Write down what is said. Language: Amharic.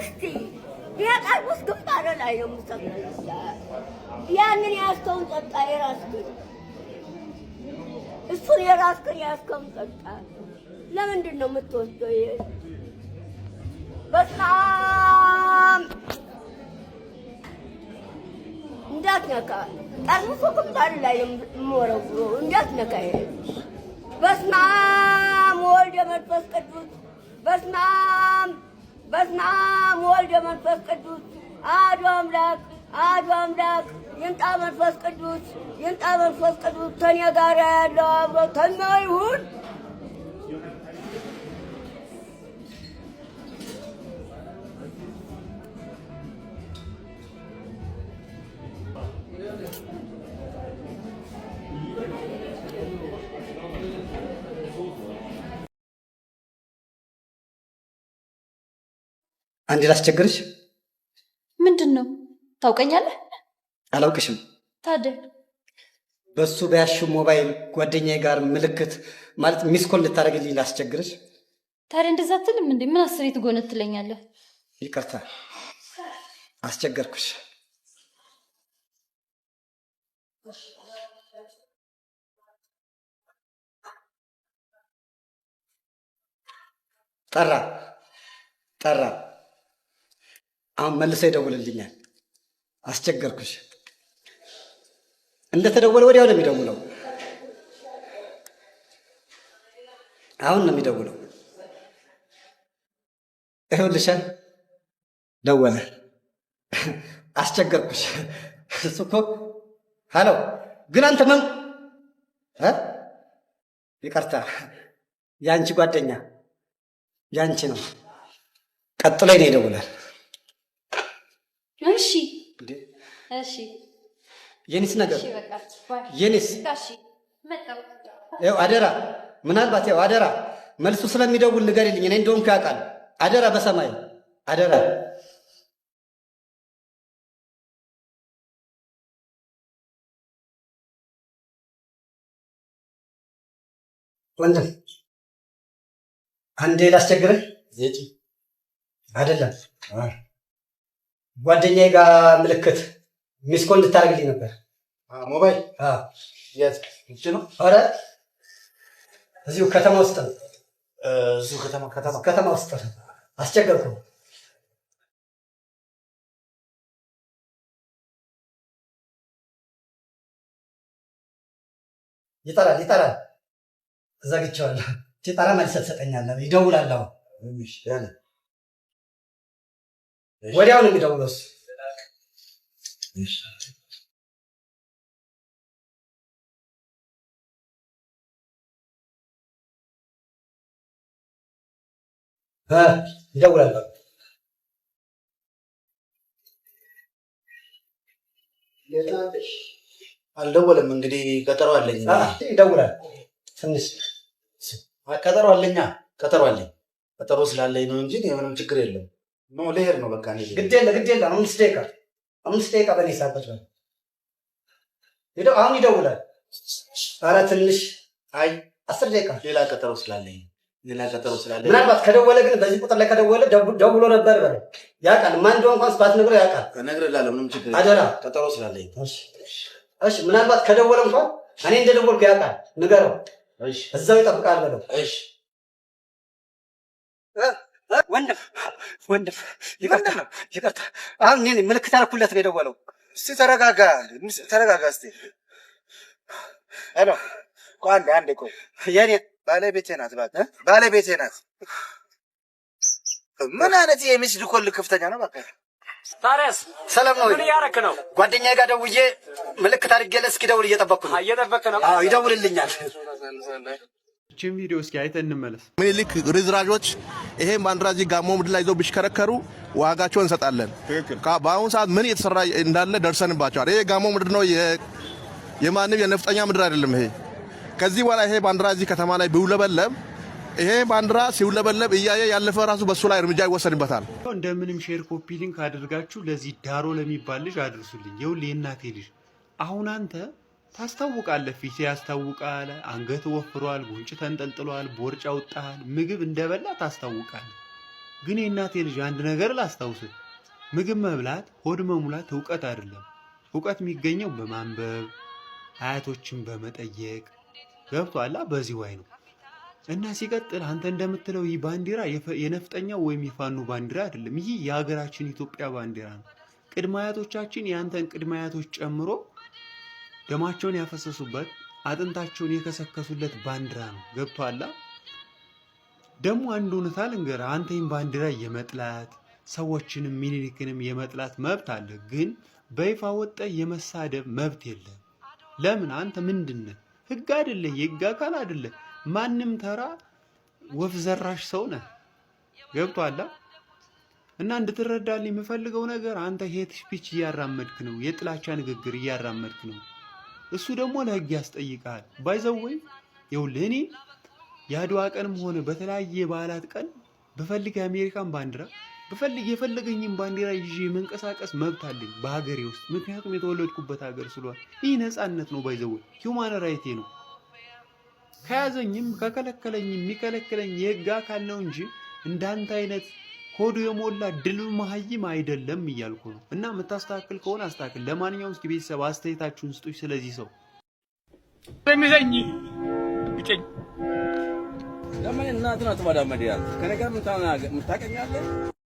እስቲ ይሄ ቃል ውስጥ ግንባር ላይ ነው የምሰቅልልሽ። ያንን ያዝከውን ጠጣ፣ የራስህን እሱን የራስህን ያዝከውን ጠጣ። ለምንድን ነው የምትወስደው? ይሄ በጣም እንዳትነካ፣ ጠርሙሱ ግንባር ላይ የምወረውሮ እንዳትነካ። ይሄ በስመ አብ ወወልድ ወመንፈስ ቅዱስ በስመ አብ በስመ አብ መንፈስ ቅዱስ አሐዱ አምላክ አሐዱ አምላክ ይምጣ መንፈስ ቅዱስ ይምጣ መንፈስ ቅዱስ ተኛ ጋር ያለው አብሮ ተኛ ይሁን አንድ ላስቸግርሽ። ምንድን ነው ታውቀኛለህ? አላውቅሽም። ታዲያ በሱ በያሹ ሞባይል ጓደኛዬ ጋር ምልክት ማለት ሚስኮል ልታደርግልኝ ላስቸግርሽ። ታዲያ እንደዛ ትልም እንዴ? ምን አስሬ ትጎነ ትለኛለህ? ይቅርታ አስቸገርኩሽ። ጠራ ጠራ አሁን መልሰ ይደውልልኛል። አስቸገርኩሽ። እንደተደወለ ወዲያው ነው የሚደውለው። አሁን ነው የሚደውለው። ይኸውልሻል፣ ደወለ። አስቸገርኩሽ። እሱ እኮ ሀሎ። ግን አንተ መን ይቀርታ፣ የአንቺ ጓደኛ የአንቺ ነው። ቀጥሎ ነው ይደውላል። እሺ እሺ የኔስ ነገር የኔስ ያው አደራ ምናልባት ያው አደራ መልሱ ስለሚደውል ንገሪልኝ። እኔ እንደውም ያውቃል። አደራ በሰማይ አደራ ወንድም አንዴ ላስቸግረህ አይደለም ጓደኛዬ ጋር ምልክት ሚስኮል እንድታደርግልኝ ነበር። ሞባይል ነው? ኧረ እዚሁ ከተማ ውስጥ ነው። እዚሁ ከተማ ከተማ ከተማ ውስጥ ነው። አስቸገርኩ። ይጠራል ይጠራል። እዘግቼዋለሁ። ሲጠራ መልስ ትሰጠኛለህ። ይደውላል። ወዲያው ነው የሚደውለው እሱ። አልደወለም። እንግዲህ ቀጠሮ አለኝ። ይደውላል ትንሽ ቀጠሮ አለኛ ቀጠሮ አለኝ። ቀጠሮ ስላለኝ ነው እንጂ ምንም ችግር የለም። ኖ ልሄድ ነው በቃ ግዴለ ግዴለ አምስት ደቂቃ አምስት ደቂቃ በኔ ሳበት አሁን ይደውላል። ኧረ ትንሽ አይ አስር ደቂቃ ሌላ ቀጠሮ ስላለኝ ሌላ ቀጠሮ ስላለኝ ምናልባት ከደወለ ግን በዚህ ቁጥር ላይ ከደወለ ደውሎ ነበር በለው ያውቃል። ማን እንደሆነ እንኳን ስባት ነግሮ ያውቃል። እነግርልሃለሁ ምንም ችግር አደራ ቀጠሮ ስላለኝ እሺ። ምናልባት ከደወለ እንኳን እኔ እንደደወልኩ ያውቃል። ንገረው እዛው ይጠብቃል በለው እሺ ወንድም ይቅርታ ይቅርታ። አሁን እኔ ምልክት አልኩለት ነው የደወለው። እስቲ ተረጋጋ፣ ተረጋጋ። እስቲ ሄሎ፣ ቆይ አንዴ፣ አንዴ፣ ቆይ። የኔ ባለቤቴ ናት፣ ባለቤቴ ናት። ምን አይነት የሚስድ ኮል ከፍተኛ ነው። በቃ ታሪያስ ሰላም ነው? ምን እያደረክ ነው? ጓደኛ ጋር ደውዬ ምልክት አድርጌ ለእስኪ ደውል እየጠበቅኩ ነው። እየጠበቅ ነው? ይደውልልኛል ይችን ቪዲዮ እስኪ አይተን እንመለስ። ምኒልክ ርዝራዦች ይሄን ባንዲራ እዚህ ጋሞ ምድር ላይ ይዘው ቢሽከረከሩ ዋጋቸውን እንሰጣለን። በአሁኑ ሰዓት ምን እየተሰራ እንዳለ ደርሰንባቸዋል። ይሄ ጋሞ ምድር ነው፣ የማንም የነፍጠኛ ምድር አይደለም። ይሄ ከዚህ በኋላ ይሄ ባንዲራ እዚህ ከተማ ላይ ቢውለበለብ ይሄ ባንዲራ ሲውለበለብ እያየ ያለፈ ራሱ በሱ ላይ እርምጃ ይወሰድበታል። እንደምንም ሼር ኮፒ ሊንክ አድርጋችሁ ለዚህ ዳሮ ለሚባል ልጅ አድርሱልኝ። የሁሌ የእናቴ ልጅ አሁን አንተ ታስታውቃለህ። ፊት ያስታውቃል፣ አንገት ወፍሯል፣ ጉንጭ ተንጠልጥሏል፣ ቦርጫ አውጣል፣ ምግብ እንደበላ ታስታውቃለህ። ግን የእናቴ ልጅ አንድ ነገር ላስታውስህ፣ ምግብ መብላት ሆድ መሙላት እውቀት አይደለም። እውቀት የሚገኘው በማንበብ አያቶችን በመጠየቅ ገብቶሃል። በዚህ ዋይ ነው እና ሲቀጥል አንተ እንደምትለው ይህ ባንዲራ የነፍጠኛው ወይም የፋኖ ባንዲራ አይደለም። ይህ የሀገራችን ኢትዮጵያ ባንዲራ ነው። ቅድመ አያቶቻችን የአንተን ቅድመ አያቶች ጨምሮ ደማቸውን ያፈሰሱበት አጥንታቸውን የከሰከሱለት ባንዲራ ነው። ገብቷላ ደግሞ አንድ እውነታ ልንገርህ፣ አንተ ይህን ባንዲራ የመጥላት ሰዎችንም ሚኒሊክንም የመጥላት መብት አለ፣ ግን በይፋ ወጠ የመሳደብ መብት የለም። ለምን? አንተ ምንድን ህግ አይደለ፣ የህግ አካል አይደለ፣ ማንም ተራ ወፍ ዘራሽ ሰው ነህ። ገብቷላ እና እንድትረዳልኝ የምፈልገው ነገር አንተ ሄት ስፒች እያራመድክ ነው፣ የጥላቻ ንግግር እያራመድክ ነው። እሱ ደግሞ ለህግ ያስጠይቃል። ባይዘወይ ይኸውልህ እኔ የአድዋ ቀንም ሆነ በተለያየ በዓላት ቀን በፈልግ የአሜሪካን ባንዲራ በፈልግ የፈለገኝን ባንዲራ ይዤ መንቀሳቀስ መብት አለኝ በሀገሬ ውስጥ ምክንያቱም የተወለድኩበት ሀገር ስለሆነ ይህ ነፃነት ነው። ባይዘወይ ሂውማን ራይቴ ነው። ከያዘኝም ከከለከለኝም የሚከለክለኝ የህግ አካል ነው እንጂ እንዳንተ አይነት ሆዶ የሞላ ድል መሀይም አይደለም እያልኩ ነው። እና የምታስተካክል ከሆነ አስተካክል። ለማንኛውም እስኪ ቤተሰብ አስተያየታችሁን ስጡኝ። ስለዚህ ሰው ሚዘኝ ብጨኝ ለምን እናትን አትማዳመድ ያለ ከነገር ምታቀኛለን